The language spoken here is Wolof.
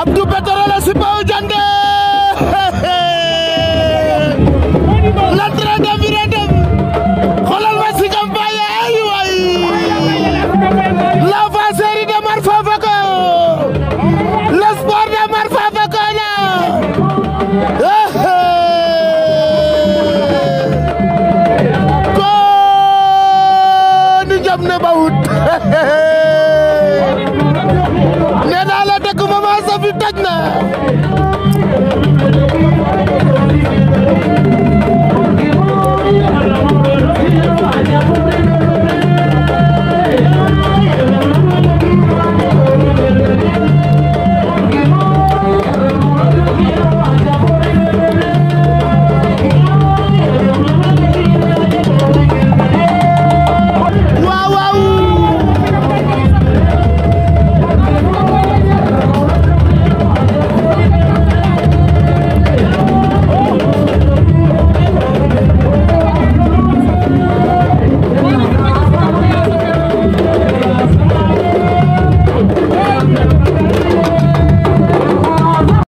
Abdou Pétrole Sipao Diandé l'entrée de Viradem xoolal wa sikam baye ay way la fa série de Marfa Fako le sport de Marfa Fako na ko ni jam ne bawut